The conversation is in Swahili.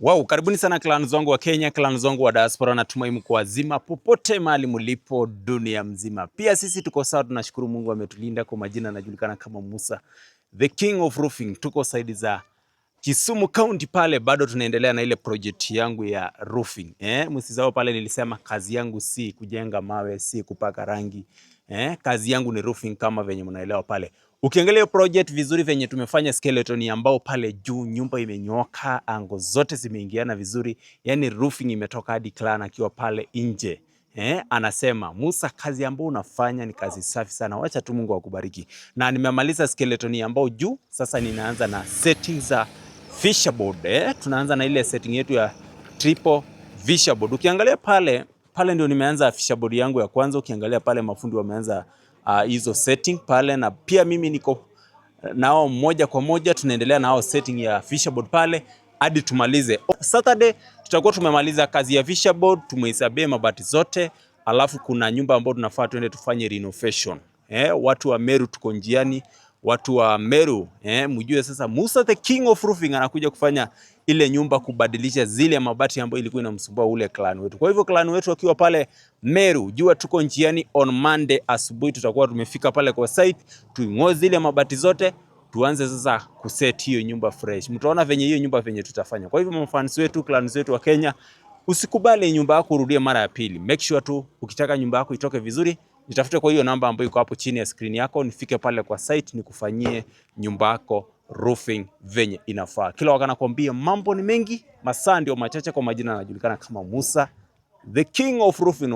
Wow, karibuni sana clan zangu wa Kenya, clan zangu wa diaspora, natumai mko wazima popote mahali mlipo dunia mzima. Pia sisi tuko sawa, tunashukuru Mungu ametulinda. Kwa majina anajulikana kama Musa the King of Roofing, tuko saidi za Kisumu County pale bado tunaendelea na ile project yangu ya roofing. Eh, msisahau pale nilisema kazi yangu si kujenga mawe, si kupaka rangi. Eh, kazi yangu ni roofing kama venye mnaelewa pale. Ukiangalia project vizuri venye tumefanya skeleton ambao pale juu nyumba imenyooka, ango zote zimeingiana vizuri. Yaani roofing imetoka hadi clan akiwa pale nje. Eh, anasema Musa, kazi ambayo unafanya ni kazi safi sana, wacha tu Mungu akubariki. Na nimemaliza skeleton ambao juu, sasa ninaanza na settings za Fisher board eh, tunaanza na ile setting yetu ya triple Fisher board. Ukiangalia pale pale ndio nimeanza Fisher board yangu ya kwanza. Ukiangalia pale mafundi wameanza ah, hizo uh, setting pale, na pia mimi niko nao moja kwa moja, tunaendelea nao setting ya Fisher board pale hadi tumalize Saturday. Tutakuwa tumemaliza kazi ya Fisher board, tumehesabia mabati zote, alafu kuna nyumba ambayo tunafaa tuende tufanye renovation eh, watu wa Meru tuko njiani watu wa Meru eh, mjue sasa Musa the king of roofing anakuja kufanya ile nyumba kubadilisha zile mabati ambayo ilikuwa inamsumbua ule clan wetu. Kwa hivyo clan wetu wakiwa pale Meru, jua tuko njiani on Monday asubuhi tutakuwa tumefika pale kwa site, tuingoe zile mabati zote tuanze sasa kuset hiyo nyumba fresh. Mtaona venye hiyo nyumba venye tutafanya. Kwa hivyo mafans wetu, clan wetu wa Kenya, usikubali nyumba yako urudie mara ya pili. Make sure tu ukitaka nyumba yako itoke vizuri nitafute kwa hiyo namba ambayo iko hapo chini ya skrini yako, nifike pale kwa site nikufanyie nyumba yako roofing venye inafaa. Kila wakati nakwambia mambo ni mengi, masaa ndio machache. Kwa majina anajulikana kama Musa the king of roofing.